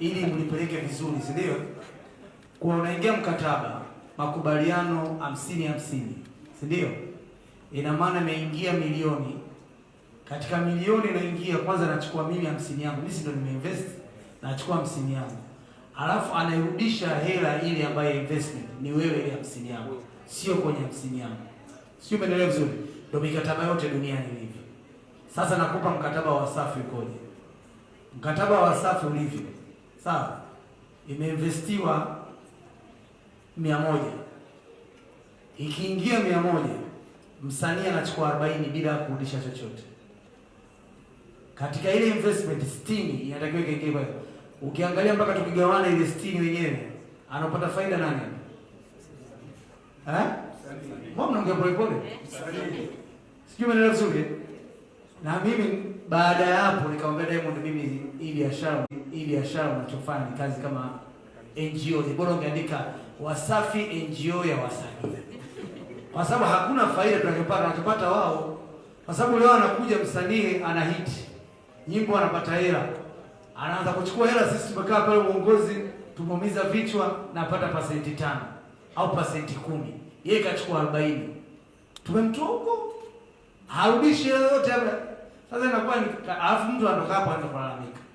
ili mlipeleke vizuri, si ndio? Kwa unaingia mkataba makubaliano hamsini hamsini, si ndio? Ina maana imeingia milioni katika milioni inaingia kwanza, nachukua mimi hamsini yangu, mimi ndio nimeinvest, nachukua hamsini yangu, alafu anairudisha hela ile ambayo investment ni wewe, ile hamsini yangu sio kwenye hamsini yangu, sio? Umeelewa vizuri? Ndio mikataba yote duniani ilivyo. Sasa nakupa mkataba wa Wasafi ukoje? Mkataba wa Wasafi ulivyo sawa, imeinvestiwa mia moja, ikiingia mia moja msanii anachukua arobaini bila kurudisha chochote. Katika ile investment sitini inatakiwa ikaingie kwa ukiangalia mpaka tukigawana ile sitini wenyewe anapata faida nani? Eh? Mbona mnaongea pole pole? Sijui mnaelewa vizuri. Na mimi baada ya hapo nikamwambia Diamond, mimi hii biashara hii biashara unachofanya ni kazi kama NGO, ni bora ungeandika Wasafi NGO ya wasanii, kwa sababu hakuna faida tunachopata wanachopata wao, kwa sababu leo anakuja msanii ana hit nyimbo, anapata hela, anaanza kuchukua hela. Sisi tumekaa pale uongozi tumeumiza vichwa, napata pasenti tano au pasenti kumi, yeye kachukua arobaini, tumemtoa huko, harudishi hela yote. Sasa inakuwa ni alafu mtu anatoka hapo anaenda kulalamika